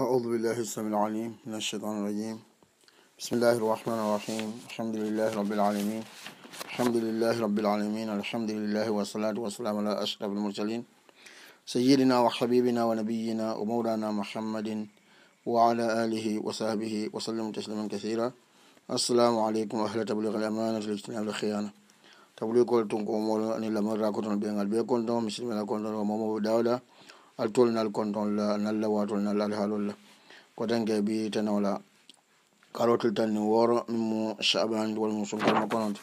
أعوذ بالله السميع العليم من الشيطان الرجيم بسم الله الرحمن الرحيم الحمد لله رب العالمين الحمد لله رب العالمين الحمد لله والصلاة والسلام على أشرف المرسلين سيدنا وحبيبنا ونبينا ومولانا محمد وعلى آله وصحبه وسلم تسليما كثيرا السلام عليكم أهل تبليغ الأمانة والاجتناب الخيانة تبليغ قولتكم أن لما راكتنا بأن البيع كنتم مسلمين كنتم ومولانا altolnal kontonla nalla watolnal alhalolla ko dange bi tenola karotol tan ni woro mimo shabandi walmo sunkarma konote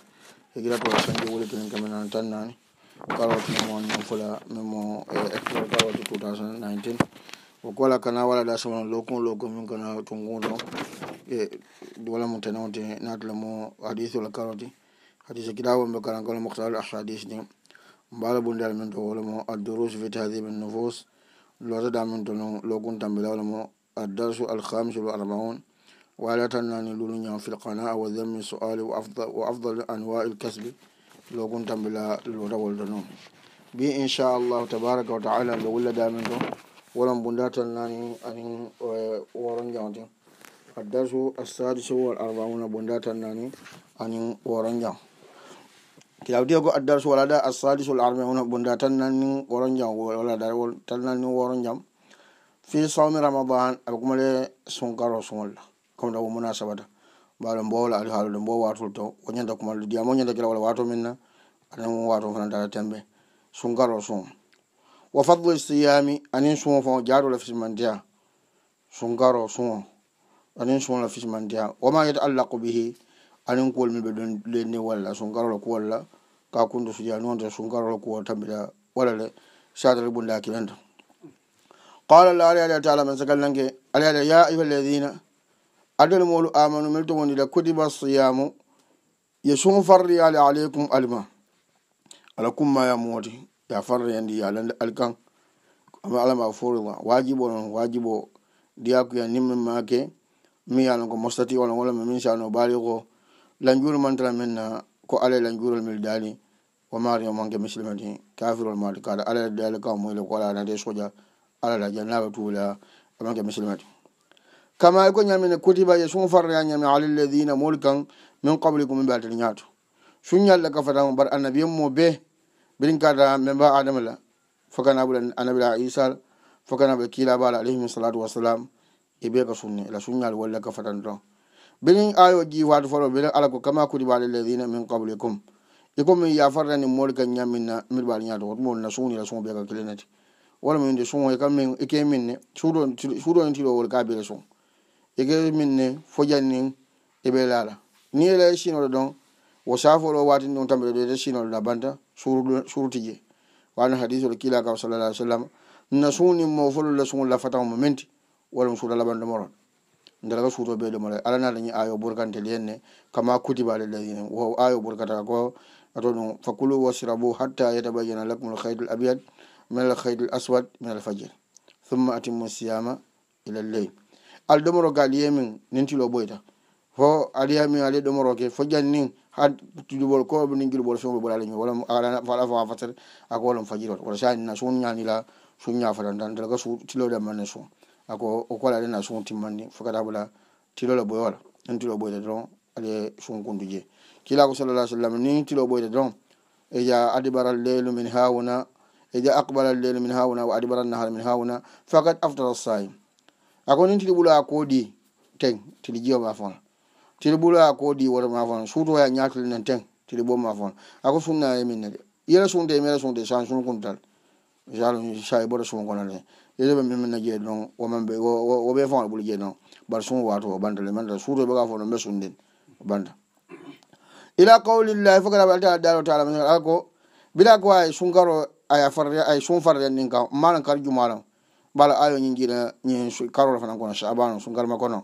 egirato e sanji wulitinin kaminan tan nani karot mimoni fula mimo eh, explore karot 2019 o kola kana wala da sama lokon lokon min kana tungudo e wala mo tenonte natla mo hadithul karoti hadithu kitabu mbe karangol muhtaral ahadith ni mbala bundal min to wala mo ad-durus fi tahdhib an-nufus لورد من تنو لوكن تنبلا ولمو الدرس الخامس والأربعون ولا تناني لولنيا في القناة والذم السؤال وأفضل, وأفضل أنواع الكسب لوكن تنبلا لورد ولدنو بي إن شاء الله تبارك وتعالى لولا دامن تنو ولم بندات أنين ورن ورنجان الدرس السادس والأربعون بندا بندات أنين ورن ورنجان kilawdiya go addars walada su l wani bunda tannanin woron jam walada tannanin woron jam fi sawmi ramadan aɓe kuma sunkaro sugolla comme ɗa da munasabata mbaɗo mbowla ali da mbo watul to o ñanta kumal diyamo ñanta kira wala wato minna anen wo wato fana da tembe sunkaro sun wa fadlu siyami anin suŋo fo jaato la sun sunkaro sun anin suŋo la wa ma yata allaqu bihi hanin kuwol mi ɓe ɗon lenni walla sun garola kuwolla ka kunde suja nonde sun garola kuwol tan mbiɗa walale sadare bunda kilanta qala llah ala alah taala man sagal nange ala alah ya ayuha alladina adal molu amanu mil tomo ndila kudiba siyamu ye sun farri ala aleykum alima ala kumma ya mowti ya farri andi ya lande alkan ama alama forida wajibo non wajibo diyakuya nimmi make mi yanoko mostati wala wala mi min sano bari ko lanjuru mantala min na ko ala lanjurol mil dali wa mario manke misilmati kafirol mati kada ala dali kaw moyle ko alana de soja ala la jannaba tuula manke misilmati kama e ko ñamine kutiba ye sun farraya ñami alaladina moolu kan min qablikum min baltati ñaatu sun ñalla ka fatan bar annabiyen mo be birin kata memba adama la fokana bula annabila isa fokana ba kila bala alayhim salatu wasalam e be ka sunne e la sun ñal walla ka fatan ton benin ayoji wato foɗo benin alako kama kuri ɓaɗe lesina min kable kum iko min yafarani morika ñamminna mir ɓaɗe ñato wot mol na suunira suun ɓeka kilinati wala minde suun e kam min ike minne suɗoni tiɗo wol kabire suun ike minne fojannin eɓe laala ni ela sinoɗo ɗon wo safoɗo watini ɗum tamɓeɗo ɗede sinoɗo ɗa banta surtije wano hadiseɗo kiila kam sallallah alih w sallam na suunin mo fololla suun lafatanmo menti walam suuɗa laɓanɗo moron ndeerga suuto ɓeyɗo mala alana lañi ayo ɓurkanteli henne kama kutibaɗe ɗayine wo ayo ɓurkata ko ato ɗum fakulu wasrabu hatta yetabayyana lakumul khayd l abiyad min al khayd l aswad min al fajire summa atimmu siyama ila lleyl al ɗomoro ga aliyemin nintilo ɓoyta fo aliyami ali ɗomoroke fo ƴannin ha tuduɓol koɓe ni guiɗuɓol sumɓe ɓola lañi walam aɗa fa fatere ako walam fajire oto wota sanina sun ñanila sun ñafatan tan ndeerga suu tiloɗe manne sun ako oko ala ɗen na sugu timmanni fokata bula tiloɗo ɓoyowala en tilo ɓoyde don aɗe sugu kunduje kila ko sallalah sallam ni tilo ɓoyde don eja adibara lelu min ha wuna eja akbala lelu min ha wuna wa adibara nahar min ha wuna fakat aftara sai ako ni tili ɓula koɗi ten tili jiyo ma fon tili ɓula koɗi wore ma fon suutoya ñatulinen ten tili ɓo ma fon ako sunnaye minne de yere sunde mere sunde san sun kuntal jalum sai bodo sun kona ne yeso be min na je non wo man be wo be fon bulje non bar sun wato banda le manda suru be ga fon be sun den banda ila qawli llahi fakara ba ta dalo ta ala min ko bila ko ay sun garo ay farre ay sun farre nin ka malan kar jumala bala ayo nin gira nin karol fanan kona shaban sun garma kona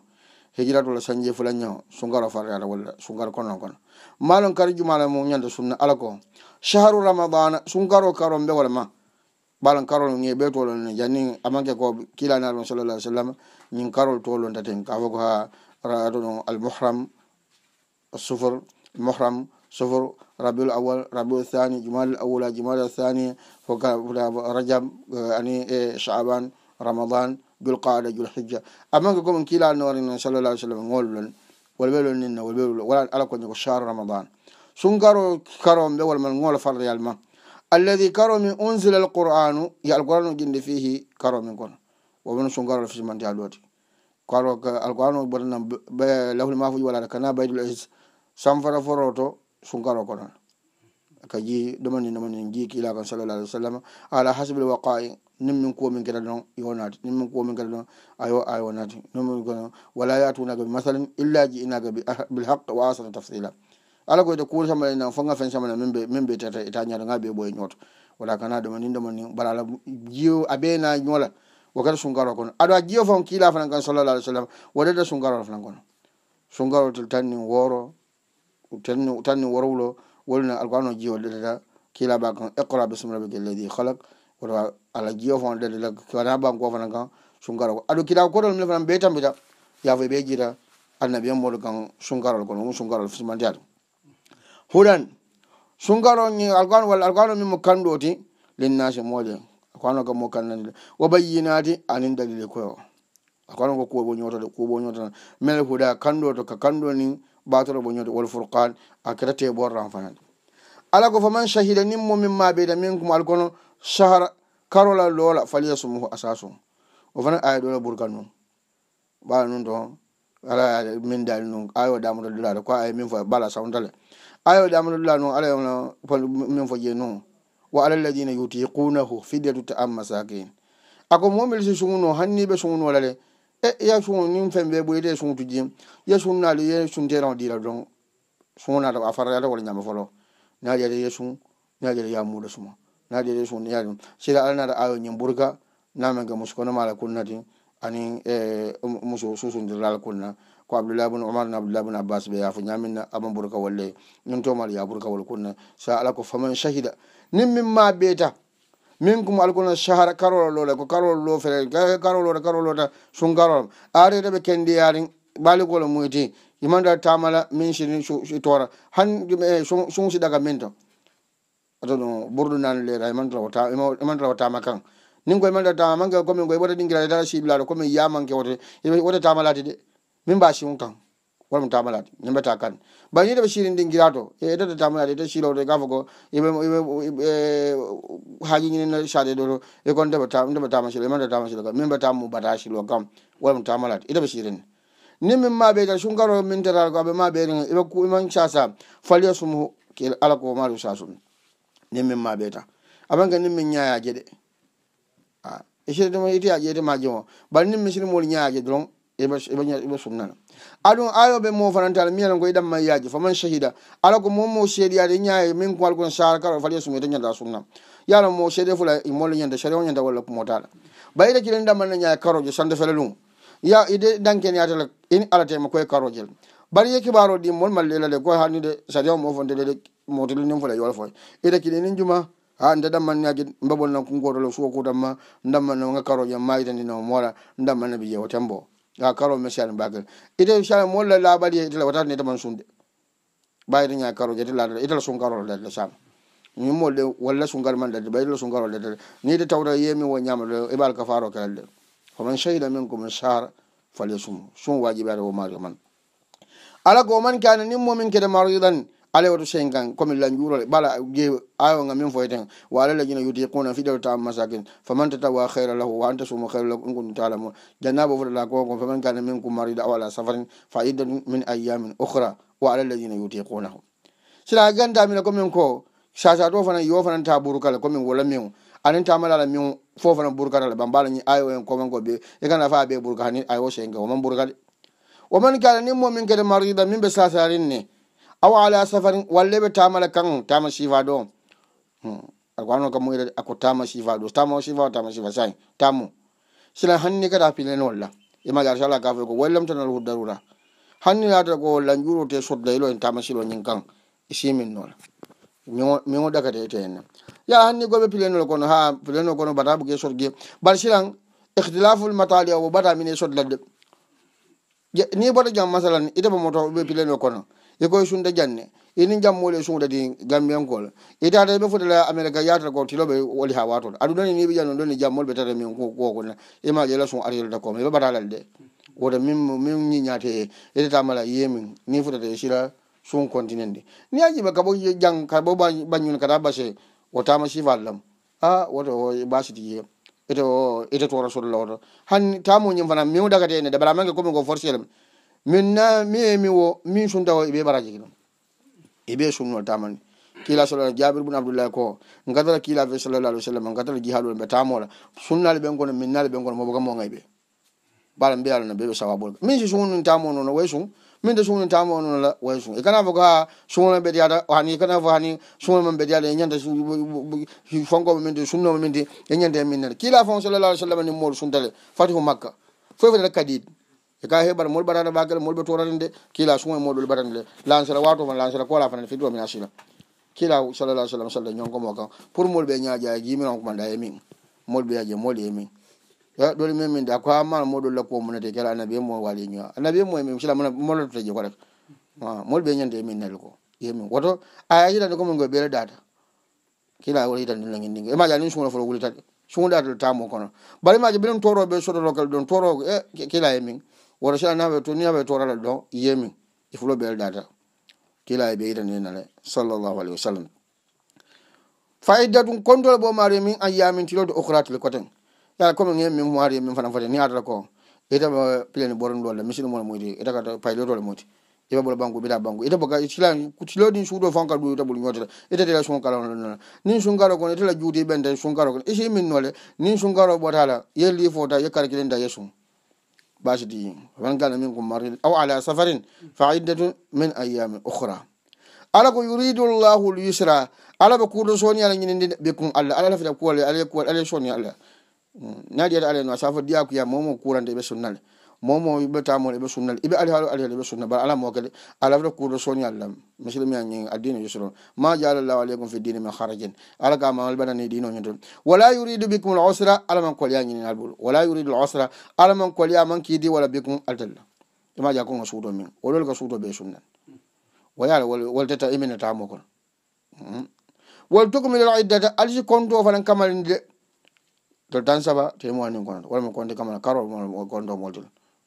hijira to sanje fulanya sungaro fare ala wala sungaro kono kon malon kar jumala mo nyanda sunna alako shahru ramadan sungaro karo mbe wala ma ɓalan karol ge ɓe tolon ne janni amanke ko kilani aɗon salallah alih sallam ñin karol tolon taten ka fogo ha raɗono almuhram sufur muhram sufur rabiul awal rabiul thani jumal al awola jumal al thani fokaa rajam e, ani e chaban ramadan jul qada jul hijja amanke komi kilanoore no salallah alih sallam ngolulon wala ɓeɗon ninne wala ɓeɗo wala ala koñe ko char ramadan sun garo karoon ɓe wala man ngola fardeyal ma alladi karomi unzila alquranu yo alquran o jinde fihi karomi gon wowono so ngarol fisimante aloti kar alquran o bonanam lawli mafuji walata kana baydul is samfara foroto so ngaro konon ka ji ɗumani ɗumani en jii kiilakam sal llah alih wa sallam ala hasbi l waqai nin min kuwo min geɗa noon yonaati nin min kuwo min geɗa noon ayo a yonaati nin min wala yatunaga bi masalan illa ji inaga bilhaq wa asana tafsila ala koyde kuwol sama en nan fo gafen samana min min mbiyetata eta ñaranga ɓe ɓoye ñoto wala kana ɗuma nin ɗuma ni bala ala jiyo a ɓena ñoola wokata sungaro kono aɗo a jiyo fon kiila fana kan sallallah alih w sallam wodata sungarol fana kono sungarol tel tan ni wooro tan tan ni worowlo wolna alqurano jiyo ɗeɗata kiila ɓa kan iqra bismi rabbika alladi halak woto ala jiyo fon ɗeɗata kana ɓanko fana kan sungaro ko aɗo kiila kotol mine fana ɓe tambita yafo ɓe jiita annabi en moɗo kan sungarol kono um sungarol fismantiyata huɗan sungaro alkwano walla alkwano min mo kanɗo ti linnase moje alkwano kam mo kannani wabayyinati anin dalile koyo alkwano ko kuwo ñotode kuwobo ñotoa mel huɗa kanɗo to ka kanɗo ni ɓatoro bo ñote wol fourqan a kerete ɓorran fanade ala ko faman shahida nin mo min ma ɓeyda min komo alkono sahara karola loola faliya sumuhu asasum o fana aya ɗola burkan nun ɓala nun to ala min dali nun ayo damoto dilade ko aya min fo bala sawntale aya waɗa amanulla noon ala yona min fo je noon wa ala alladina yutikunahu fidyatuta an masakin ako momel si sugunoo hanni ɓe sugunoo lale e ya sugu nin fembe ɓoyete e sugutu jim ya sugunnaalu ye sunteran dira don sugunata a fara yata wala ñama folo naajata ye sugu naajata ya muɗa suma naajata ye sugu yaɗum sira ala nata ayo ñin ɓurga namenge musukonomala kunnati anin e musu susundirlala kunna ko abdoulah bun omar n abdoulah bun abbas ɓe yaafo ñamin amaburka wolle min tomaɗo yaburkawol kunna sa ala ko faman shahida nin min ma ɓeeta min kom alkuna sahara karolo lole ko karolo lo fere karoloota karoloota sun karolom areta ɓe kendi yaari ɓaalikolo muyti yimanda tamala min sini tora han e, sun siɗaga min to ato ɗum ɓurɗu nan lera imantalawo tama kan nin ko imantala tama manke komin ko i wota ɗingiraetara siɓilaɗo komin yamanke wote wota tamalati de min mbashimum kam wolmo tamalade min mbeta kan bani deɓe shirin ɗin guirato edata tamalade ede shirowde gafa ko yimɓe yimɓe hajiñinino sade ɗoto e kon ndeɓe tamasil mea tamasil kam min mbeta mu bata shilo kam wolmo tamalade edeɓe shirin nin min ma ɓeyta sunkaro min tetata ko aɓe ma ɓeyri eɓe kuiman sasa faliya sumu ala ko maɗu sasum nin min ma ɓeyta aɓanke nin min ñayaje ɗe e sirdema ite a ƴeyte majemo bani nin misirimoli ñayaje dorong eɓe sumnana aɗum ayoɓe mofanantala miyana ko yiɗam mayyaji faman shahida ala ko momo seeɗiyade ñaye min ko walkon sara kala fali sumite ñanda sumnam yaala mo seede fula molle ñande sari o ñanda walla kumotaɗa bayita cilen ɗammanna ñaye karojo sande fele ɗum ya ide ɗanken yatala in alatema koye karojel bari ye kibaro ɗi mol mallelade ko hannude sari o mofonte dede motili nin fula yol foy ita cilenin juma ha nde ɗammannaji mbabolnan kunkotolo suwo kutanma ɗammannaga karojo mayitandinoo moora ɗammannaɓi yewo tembo ha karo mesiani bagel ite sami molle laɓali itala watata ne taman sunde ɓayiti ña karo ete laa itala sun karol dadde sam ñimmolɗe walla sunkar man dadde ɓayitala sun karol dadde nide tawta yemi wo ñamade eɓal ka faro kelal de honon sahida min komin sara fale sum sum wajiɓade wo mario man ala gomankane nimmomin kede maro yiɗani ale woto sey gan comme la juurole bala je ayo ga min foyten wa ala lajina yutiquna fidal taam masakin faman tatawa xeira lahu wa an tasuma xeira lahu inkuntum taalamun jannabo fotala koko faman kana minkum marida aw ala safarin fa iddatu min ayamin oxra wa ala lajina yutiqunahu sila gandamina commin ko sasa to fana yo fananta burukala commin wala min anin tamalala min fo fana burukatala ban bala ñi ayo en comanko ɓe e gana fa ɓe burka hani ayo sey ga woman burukade woman kala nin momin kede marida min ɓe sasarin ne awa ala safarin walle ɓe tamala kan tama shifa ɗo hmm, aɗgwano kam mwira ako tama shifa ɗo tama shifa tama shifa sai tamu sila hanni kada pilen walla ima gar shala kafe ko wallam tanal hudarura hanni lata ko wallan yuro te sodda ilo e en tama shilo nyin kan isimin e nol mingo daga e te te ene ya hanni gobe pilen nol kono ha pilen nol kono bata buke sodge bar silan ikhtilaful matali awo bata mine sodda ni bata jam masalan ita pa moto ube pilen nol kono yikoy e sunde janne ini e jammuule sunda di gambiyankol itata e ɓe fota la america yatata ko tiloɓe woli ha watoto aɗu noni niɓe janno ɗoni jammol ɓe tata min kokona imaje la sun arilata kome ɓeɓatalal de woto min min ñiñate edeta mala yemin ni fotata e sira sun continen de ni ajiɓe kabo jang kabo bañun kata base o tama sifallam a woto o basitiye eto ete to rasulullah oto han tamuñim fana miw dagatene de baramange commin ko forcelem min na mi e mi wo min sunta o e ɓe ɓaraji ki ɗum e ɓe sumno tamani kila salalah jabir bun abdoullahi ko gadara kila fe salallah alih wa sallam gadara jihaɗu ɓe tamola sunnali ɓen gono minnali ɓen gono mobogam mogay ɓe bala mbiya lano ɓeɓe sawabol min si sugunin tamo nono way sun min de sugunin tamo nono la way sun e kana fo ka sugunan ɓe diyata hani e kana fo hani sugunan man ɓe diyata e ñanta fonkoɓe minde sunnoɓe minde e ñanta e minnata kila fon salallah alih wa sallam ni moolu suntale fatihu makka foy fotata kadid e ka heɓata moɗo ɓatata ɓagal moɗo ɓe torata nde kila suma e moɗo ɗo ɓatande lansela watoma lansela ko ala fanane fedi wamin asina kila salalah sallam salla ñongomo kan pour moɗo ɓe ñaaƴa jimin on komanda emin moɗo ɓe ñaaƴe moɗo emin e ɗo ɗumen min da ko amana moɗo lakkuo munete kala anabi e mo wali ñoa e anabi e mo emin sila molototeje koɗak moɗo ɓe ñande emin nali ko emin woto a yahitande komin koye ɓeere data kila wo hitande lagindigo e maƴa nin suuna foto wuli tati suuɗatoɗo tamo kono bari maƴa ɓenen toroɓe soɗotokal ɗon toroko e kila emin woto sanaɓe to ni aɓe torala ɗo yemi ifulo e ɓerɗata kila e ɓeyitaninale sallllahu alahi wa sallam fayidda ɗum kondol ɓo mari min ayyamin tilode okratel coten yaa comme ngen min mari min fanan fade ni adata ko itaɓe e pileni ɓoronɗolle misino mona moyti itaka e paylotole moyti iɓaɓol banku ɓita banku itaboka tilodi suuɗo fonka ɗu itaɓol ñotata itatela sunkaraon nin sunkaro kon itala juuti ɓente sunkaro kon isi minnole nin sunkaro ɓotala yelli fota yekkata kilenda yesum bajdi wangana min gummari aw ala safarin fa iddatu min ayami ohra ala ko yuridu llahu lyusra ala ɓe kuɗo soni ala ñinidi ɓekkum allah ala lafita kuwal ala kuwal ala soni allah hmm, nadi ata ala no a safo diyakuya momo kurande ɓe sunnale momo yuɓe tamoɗo ɓe sunna iɓe ari haɗo ari haɗo ɓe sunna bala ala mokede ala fota kuuɗo soñi allah misilmi ae addino jusoron ma jalallahu aleykum fi dine men harajen ala ka mama ɓanani dinoñe ton wala yuridu bicum l osra ala man koliya ñinin albol wala yuridu l osra ala man koliya man kiidi wala bicum altella ima ja kono suuto min wolol ka suuto ɓe sunnan wayala wol teta imene tamo kon mm-hmm. wol tukmilul iddata alsi konto fanan kamalinde to tan saba temoanin konoto walamo konde kamala karol konto moltol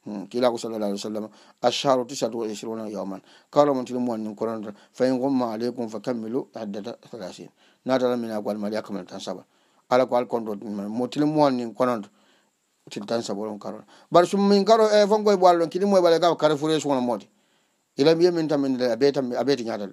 Hmm, kilaku sall llah alih w sallam ashaaru tisatu wa ishiruna yawman kala montino muwannin koranta fa in gomma aleykum fa kammilu haddata salasin natalamina ko almaɗi akamal tan saba ala ko alkonto motile muwannin konanta til tan saboɗon karol bat sum min karo e fonkoye ɓwalɗon kiɗimo e ɓaɗe gaba kare fure sugono moode ilam yemin tan min a beetan a beeti ñatale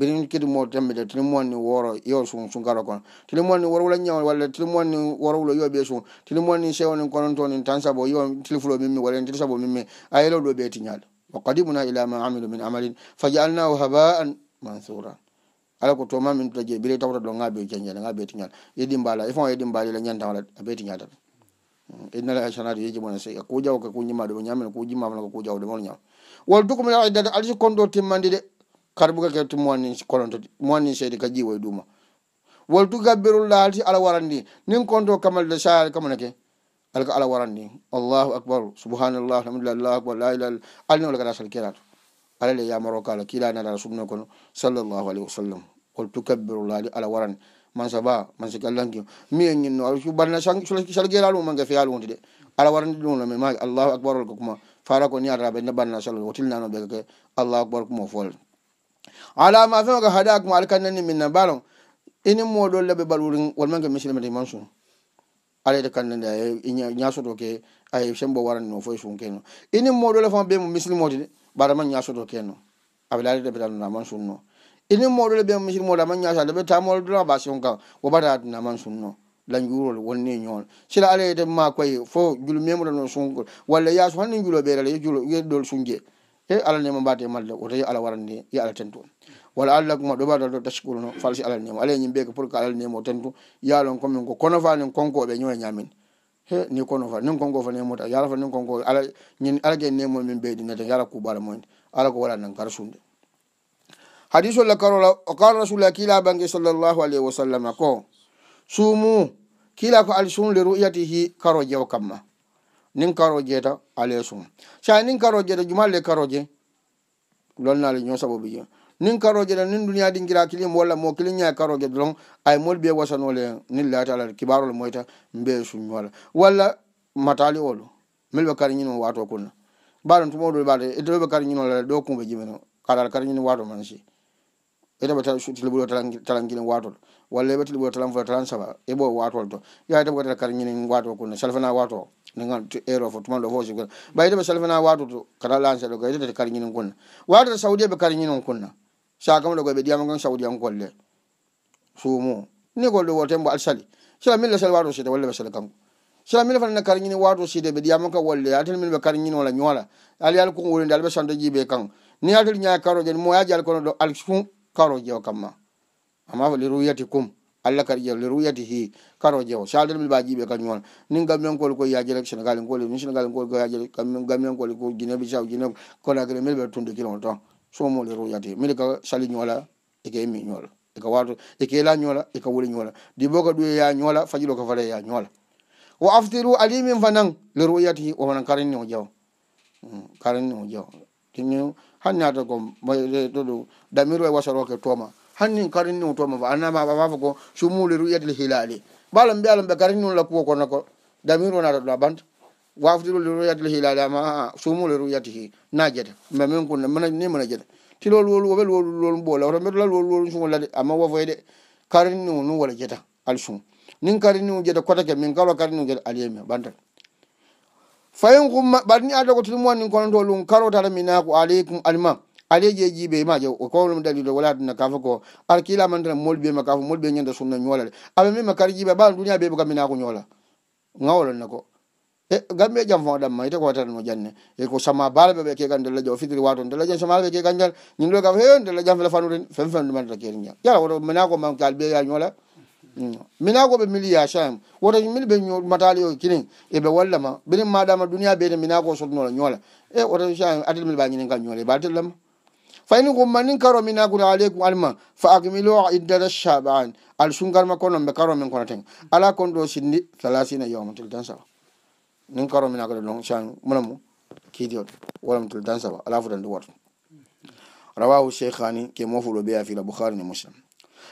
birin kidi mo tembe de tili moni woro yo sun sun garo kon tili moni woro wala nyawal wala tili moni woro wala yo be sun tili moni sewo ni kono toni tansa bo yo tili fulo mimi wala tili sabo mimi ayelo do be tinyal wa qadimuna ila ma amilu min amalin fajalnahu habaan mansura ala ko toma min tuje bire tawta do ngabe jenjal ngabe tinyal yidi mbala ifon yidi mbali la nyanta wala be tinyal tan mm, inna la shanadi yiji mona sey ko jaw ko nyima do nyamel ko jima wala ko jaw de mon nyaw wal dukum la idda alji kondo timmandi de kar bugake to mowani kononto mowani seedi ka ƴiwo e ɗuma woltu gabbirol laalti ala waran ndi nin konto kamalde saal kamanake alako ala waran ndi allahu acbar subhanallah alhamdulillah allahu acbar la ila allah alni walaka rasal kirato alale yamaro kala kilanaɗa sumno kono sallllahu alayhi wa sallam woltu gabbirol laali ala waran man saba man sik allah nkio mi en ñinno banna salgeralum mange feyalu wonti de ala waran ndi ɗumnome maji allahu acbar olko kuma fara ko ni adaraɓe nabanna sall wotilnanoɓe kake allahu acbar kumo folde alama fe maga hada kuma alkannani min na baron ini moɗo laɓe ɓal wurin wolmanga misilmeta iman sun alayta kannani aye ñasoto ke aye sembo warani no foye sun keno ini moɗo lafama ɓe mo misilmode de ɓarama ñasoto keno aɓe laade laɓe tanona man sun no ini moɗo laɓe mo misilmode ama ñasa laɓe tamole dona ba sion kan wobata aduna man sun no lanjurol wonni ñool sila alayta ma koye fo julu memoɗa no sunkol walla yaso hannde juuloɓeerala yejuuloyeɗɗol sunje he alah nema mbade e malle oto yo allah waranni yo allah tentu wala allah kuma ɗo mbadaɗo taskulno falsi alah nema alah e yimɓe ko pour que alah nemao tentu yaalon komin ko kono fa nin konkoɓe ñoo e ñamin he ni kono fa nin konko fa nemota yala fa nin konko alah ala ge nemo min ɓeydinede yala kuɓala mumen alah ko wala nan garsunde hadiseo la karola o kala rasulah kiila bangue sallllahu alayhi wa sallam ko suumu kiila ko alsunu le ru'yatihi karo jewo kamma nin karojeeta alesum sa nin karojeeta jumalle karoje lolnale ño sababu je nin karoje ɗa nin duniya ɗi gira kilim walla mo kili ñaa karoje don ay molu ɓe wasanole nin latala kibarol moyta mbe suñola walla matali olu mil ɓe kari ñino wato kunna baɗon tumoɗo ɓaɗa ɓe e kari ñinola ɗo kumɓe jimino kaɗal kari ñino wato mansi E ɓeɓtalaguilen watol walla e ɓe tiliɓuro talan fula talan saba eɓo watol to yaha e tabo kadata kar ñinin watol kunne salfana wato ero fo tumanɗo fo sikuna ɓay tabe salfana wato to kata lance ɗo kay tetata kar ñinin kunna watata saudi ɓe kar ñinin kunna sakama ɗo koy ɓe ɗiyama kan saudi an kolle suumu ni kol ɗo wotembo alsali sala milla sal wato sede walla ɓe sal kanko sala mila fanana kar ñini wato sede ɓe ɗiyama kan wolle atel min ɓe kar ñini wala ñoola alyal kon wurinde alɓe santo jiɓe kan ni atel ñaa karojen mo yaji alkono ɗo al karo jewo kamma amma fo liruyati kum allah kadi jewo liruyati hi karo jewo saldemlbajiɓe kañumon nin gamiyonkoli ko yaji rek sénégal nkoli ni sénégal nkoli ko yaji gamiyonkoli ko guine bisaw guine conagre mil ɓe tunde kilon ton somo liruyati mili ka sali ñoola eke mi ñoola eka wato eke la ñoola eka wuli ñoola dibo ka ɗuye ya ñoola fajiɗo ka fare ya ñoola wo aftiru alimin fanan liruyati womanan karinnio jewo hmm, karinnio jewo tini hanni hata ko ɗoɗo damiro e wasaroke tooma hanni karinni o tooma fa anama afafa ko sumuliru yetel hilaali mbalam mbiya lam ɓe karinni o lakkuwo kono ko damiro nata ɗo abanta wafdiroliru yetel hilaali ama a sumuliru yeti najeta ma min kunne ni mana jeta tilol wolu ove lwolu lol mbo lawta mbetolal wolu wolu sugol lade amma wofoy de karinni o nu wala jeta alsum nin karinni o jeta kotake min kalo karinni o jeta aliyemi bantata fayin kuma bari ni ada kotu muwan ninkono to lun karo tara minaku alaikum alman alaje jibe ma je ko ko dum dalilo wala dum nakafo ko arkila man tan molbe ma kafo molbe nyanda sunna nyola abe mi makar jibe ba dunya be ko minaku nyola ngawol nako e gambe jam fo dam ma ite ko tan no janne e ko sama bal be ke gandal la jo fitri wato dal la sama be ke gandal nyindo ka he dal la jam fa fanu ren fem fem dum man ta kerinya ya wala minaku man kalbe ya nyola Mm. minago ɓe mili yachaam woto mili ɓe matali o kinin eɓe wallama ɓinin maɗama duniat ɓene minago sotnola ñoola e woto chaam adat mil ɓa ñinin kam ñoola ɓatellama fayni gummanin karo minakuna aleykum alma fa akmilo iddata shaban al sungarma kono ɓe karo min kono ten ala kon ɗo sindi talasina yawmatel dan saba nin karo minakoɗe ɗon cham munamu kidiot walamtel dan saba ala fotandi wato rawahu cheikh hani ke mofuɗo ɓeya fila boukhari ni muslim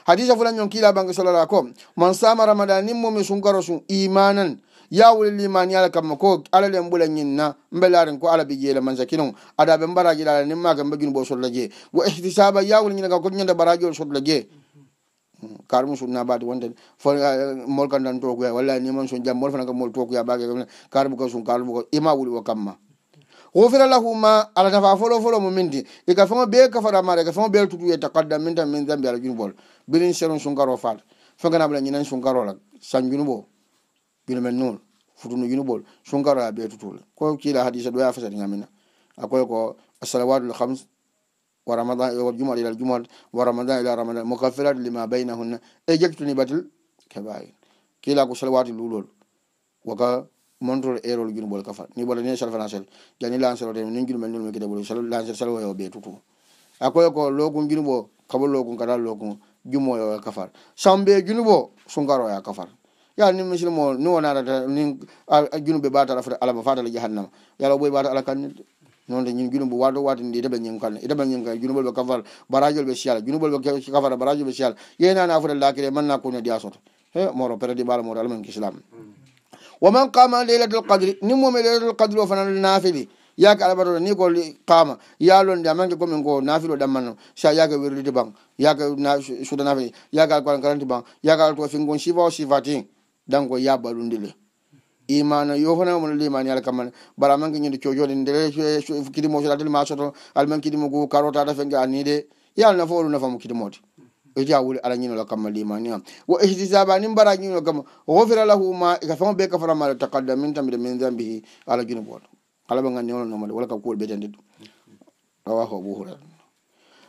hadisa fulan yon kila bange solala ko man sama ramadan nin momi sunkaro sun imanan yawuli limani ala kamma ko ala len bula nyinna mbelarin ko ala bigele man zakino ada be mbaraji ala nin maga mbegin bo sollaje wa ihtisaba yawuli nyinaga ko nyanda baraji ol sollaje hmm, karmu sunna baati wonde fo eh, mol kandan to ko wala ni man sun jam mol fanaka mol to ko ya bagge karbu ko sun karbu ko ima wuli wa kamma wofiralah ma ala nafa folo folo mo minti iga fomo ɓe kafaɗa maɗa ga e fomo ɓe tutu ye takadda minta min zambi ala junubol birin seno sunkaro fat fenganaɓla ñinan sunkarola san junubo binomen nuol futunu junubol sunkaro a ɓe tutula ko kila hadisa ɗo ya fasatigamina akoy ko asalawatul hams wa ramadan wa jumat ila aljumat wa ramadan ila ramadan mukafirat lima baynahunna e jektuni batil kebawin kila ko salawati lulol waka montrol erol guinuɓol kafa ni ɓola ni sal fanacel jani lancer ote ni guinumel nul mekide ɓol lancer salwoyo ɓee tutu a koye ko lookun guinuɓo kabo lookun kada lookun jumoyoya kafar sambe junuɓo sungaroya kafar ya ni musilmo ni wonarata ni junuɓe batara fota alaba fatala jahannama yala ɓoy bata ala kanni nonde ñin junubo wado wati ndi itaɓe ñin kalne itaɓe ñin kalne junubol ɓe kafar barajol ɓe sial junubol ɓe kafar barajol ɓe sial yenana fota lakire manna kone diya soto he moro perdi ɓala moto alamen kislam waman kama laylatul kadri ni momi laylatul kadri o fanano nafili yaake alabatoto ni ko kama yalonde amanke komin ko nafilo ɗammano sa yaake wirlude ban yaake suda nafili yaake alkoran karanti ban yaake alto fingon sifa o sifati donc ya baɗudile imana yo fanama mono limani ala kammane bara amanke ñinde cojode nde kidimo soɗatel ma soto almen kidimo go karotata fenge anide yalnafo olu nafamo kidimode jawuli ala ñinola kamma limani on wo ihtisabani mbara ñinol kamma hofira lahuma ka fao be kaframaɗa takadda min tamide min zambihi ala jino boto kala ɓe gandi onanomade wala ka kuwol ɓetende ɗum awa ho ɓuhura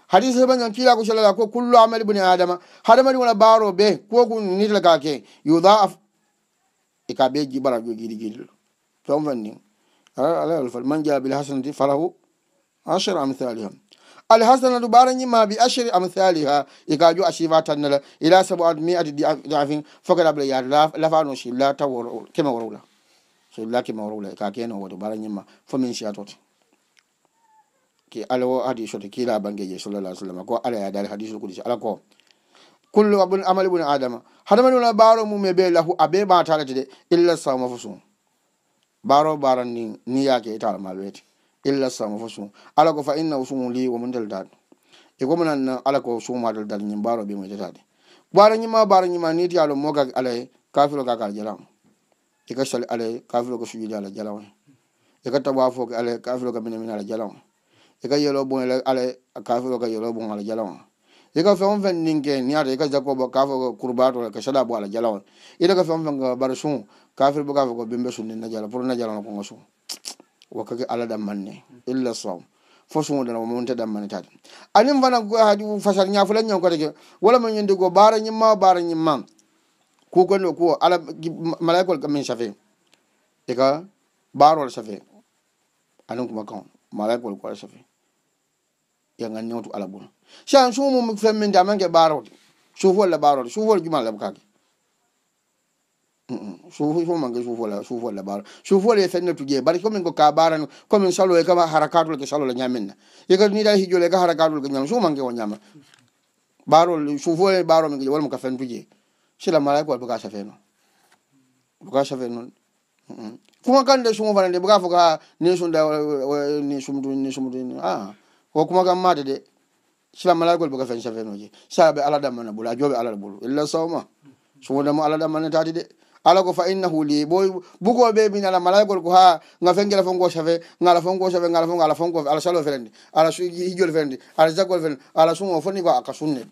hadis sebaon kilako salala ko kullu amal ibni adama hadama ɗi wona baro ɓe koku nitel kake yudaaf e ka ɓe jibara jo jiɗi jiɗi ɗo tom fanni ala alfaɗ man jabil hasanati falahu ashar amthalihum الحسن دبارني ما بأشر أمثالها يقالوا أشيفا تنلا إلى سبعة مئة دافين فقد أبلي يا لاف لاف أنو شيلا تور كم ورولا شيلا كم ورولا كأكين هو دبارني ما فمن شياطين كي ألو هذه شو تكيلا بانجيجي صلى الله عليه وسلم كو على هذا الحديث القدسي على كو كل ابن عمل ابن ادم هذا من بارو مو مبي له ابي ما تعالى الا صوم فصوم بارو بارني نياكي تعالى مالويتي illa sama fo sum ala ko fa inna sumu li womo del daɗo e komo nan ala ko sumadel dal ñimbaro ɓe moytetade ɓaro ñima baro ñima niti alo moga ala e, kafiro kaka ala jalama e kasale ala e, kafiro ko sujudi ala jalama e ka taɓa fo ala e, kafiro ka minamina ala jalama e ka yelo bon ala kafiro ka yelo bon ala jalama e ka fen fen ninke niata e ka jakkoɓo kafo kurbato ka saɗa bo ala jalama ita ka fen fen baro sum kafiro bo kafo ko bimbe sunni najala pour najalano kongo sum wakkake allah ɗammanne illa sam fosuoɗanmonteɗammanetade anin fana haj ah, fasar ñafulan ñaw kotake wala min yondigo bara ñimma o bara ñimma kugonɗe o kuwo ala malaikol kamin safe eka barol safe anin kuma kan malaikol kola safe yagan ñawtu ala bona sa sumu fenminde amanke barode sufu walla barode sufu wala juma labkake sufomage sufola sufolla ɓaro sufole fenna tuƴe bara comin ko e ka ɓarano commin saloe kama hara katol ke salola ñaminna yekat nida hijole ka hara katol ke ñama sumange o ñama ɓarol sufole ɓaromige walla mo ka fen tuƴe sila malay ko boka safe noon boka safe noon kuma kande sumo fana de boka foka ni sumda ni sumdu ni sumdu a o kuma kam mate de silamalaykol boka fen safenoje saabe aladamana bolo a joɓe alada bolo illa sawma sumodemo aladamana tati de alago fa innahu li bo bugoɓe min ala malaygol ko ha ga fe gela fo go safe gala fo go safe gala fo ala fo go ala salo ferendi ala hijol ferendi ala jaggol ferendi ala sumo foni ko aka sunne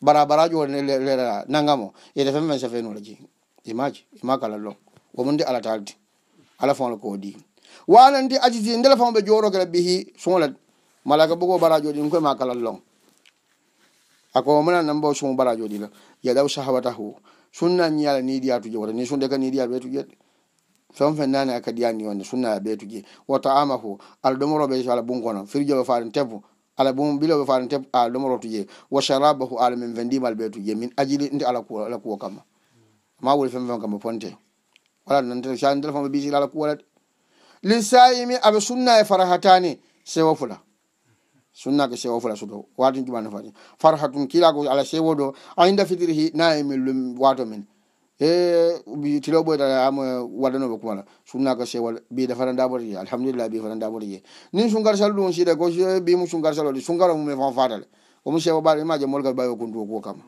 bara bara jo ne le le na ngamo e defem men safe no laji imaji imaka la lo o mundi ala taldi ala fo ko di wala ndi ajiji ndela fo be joro gele bihi sumo la malaka bugo bara jo din ko makala lo ako mona nambo sumo bara jo di la yadaw sahabatahu sunna ñiyala niiɗiya tuje wota ni sunde ka niiɗiya ɓe tuƴe fen fe nane a kadiya ni wonde sunna ɓe tuƴe wo taama fo ala domoroɓe ala bunkono firjo ɓe faaren tebu ala bum biloɓe faaren teb ala domoro tuƴe wo charaba fo ala min fendimal ɓe tuƴe min ajili nde alaala kuwo kamma ma wuli fen fen kamma ponte wala nantesa ndelfo ɓe bisila ala kuwolade lisaimi aɓe sunna e farahatani sewo fula sunnake sewo fula soto watin cuɓano fati farhatum kilako ala sewo ɗo ainda fitirhi nayi e min lum wato min e tilo ɓoyta am waɗanoɓe kumala sunnaka sewal ɓiɗa fata ndaɓotiye alhamdulillah ɓiɗa fata ndaɓotiye nin sungar sal ɗum siɗa ko ɓimu sungar sal oɗi sungaro mum e fan fatale omo sewa ɓaɗe ma jam molgal ɓawi kuntuo kuo kam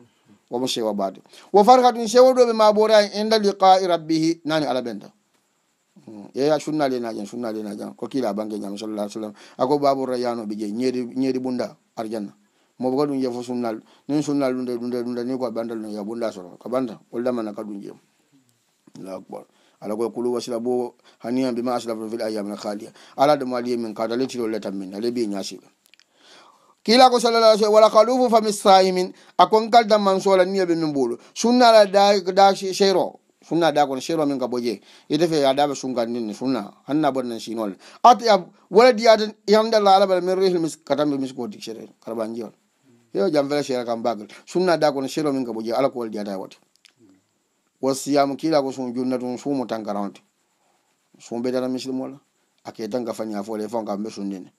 omo sewa ɓaɗe wo farhatum sewoɗoɓe ma ɓoora inda liqai rabbihi nani ala ɓenta Mm. yeya sunnali en ajan sunnali en ajan ko kiila banggue jaam sallah ai sallam ako babou rayano ɓe ƴeey ñeeri ñeeri bunda arianna moɓo ka ɗum jeefo sunnal nin sunnal ɗude ɗude ɗude ni ko bandal no ya bunda soro ko banda ol damana ka ɗum jeem allahu akbar ala koye kulu wasila bo haniyam bima aslafno fil ayamin khaliya ala ɗum aliye min kada letiro le tan min ale ɓiye ñasiɓe kiila ko sallah alah sallm wala kalufu fami saimin a konkal damman sola niyaɓe min ɓuuɗo sunnal da da seyro sunna da kon shero min gaboje ite fe ada be sunga nin sunna anna bon nan shinol at ya wala di adan yanda la ala min rihil mis katam be mis godi shere karban jiol yo jam vela shere kam bagal sunna da kon shero min gaboje ala ko wal di ada wat wasiyam kila ko sun junna tun sumu tangaronte sun be dana mislimola ake tanga fanya fo le fanga be sunnine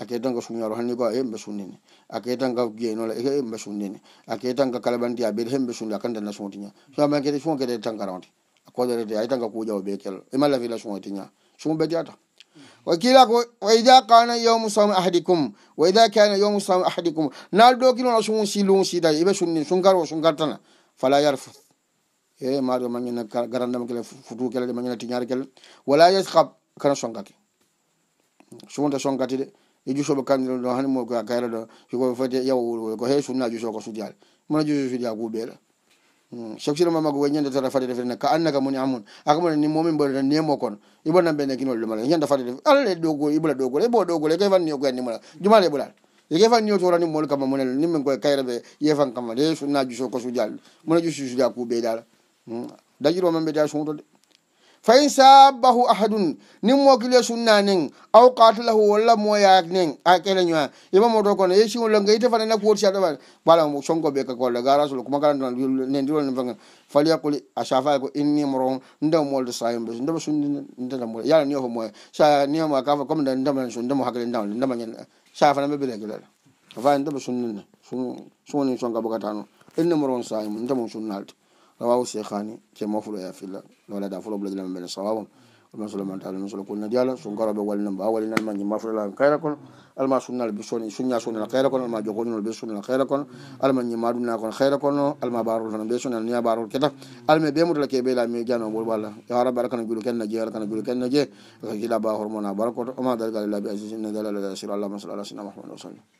akeetanga suñaro hanni ko hembe sunnini akeetanga genola e hembe sunnini akeetanga kalabandi abel hembe sunni akandana suutiña soamakete suo kete tankarandi akodorete aytanga kuƴawo ɓe kel imallafila e suo tiña suu ɓediata wa kila ko wa ida kana yawmu sawmi ahadikum wa ida kana yawmu sawmi ahadikum nal do kino na sumu silu sida ibe sunni sungar wo sungar tana fala yarfu e mari ma ngena garanda ma kele futu kele ma ngena tinyar kele wala yaskhab kana songati sunta songati de e jusoɓe kamdino ɗo hande mo gayra ɗo ko fati yaw ko he sunna jusoo ko sudiyal mono jusu sudiya guɓeɗo hmm. chaque sur mamago wo ñande tata fadede fe ka annaka moni amun akamone ni momin ɓoɗeta nemo kon iɓo nan ɓene kinol ɗumala ñande fadede alale ɗogol iɓola ɗogol eɓo ɗogol e, e ke fan niogoya nimola jumala eɓolal eke fan niotora ni mol kamma monel ni min koye kayraɓe yefan kamma de sunna jusoo ko sudiyal mono jusu sudiya kuɓeɗala hmm. dajiro mamɓe da sutode fa in sabahu ahadun nin mokile sunna nen aw katalahu walla moyak nen a kelenya yema moto kono yesi wolo ngai te fanana ko tsi adaba bala mo chonko be ka kola gara sulu kuma kala nen dilo nen fanga fali yakuli ashafa ko inni moro nda molde sayum be nda sunni nda mo yala ni ho mo sa ni ma ka fa kom nda nda mo sunda mo hakle nda nda ma nyen sa fa na be be gele fa nda sunni sunni chonka bokatano inni moro sayum nda mo sunnalti rawahu sekhani ke mafulo ya filla nola da fulo bulajila mbele sawabam ɗum sulo man taala sulo kulna diala sun garo be walina mba walina ma ni mafulo la kayra kon alma sunna al bisoni sunya sunna al kayra kon alma jogonu al bisoni al kayra kon alma ni madu na kon kayra kon alma baro fana be sunna ni baro keta alma be mudala ke be la mi jano bol bala ya rabbi arkana julu kenna je arkana julu kenna je ko gila ba hormona barko o ma dalgal la bi azizina dalala la sirra allah sallallahu alaihi wa sallam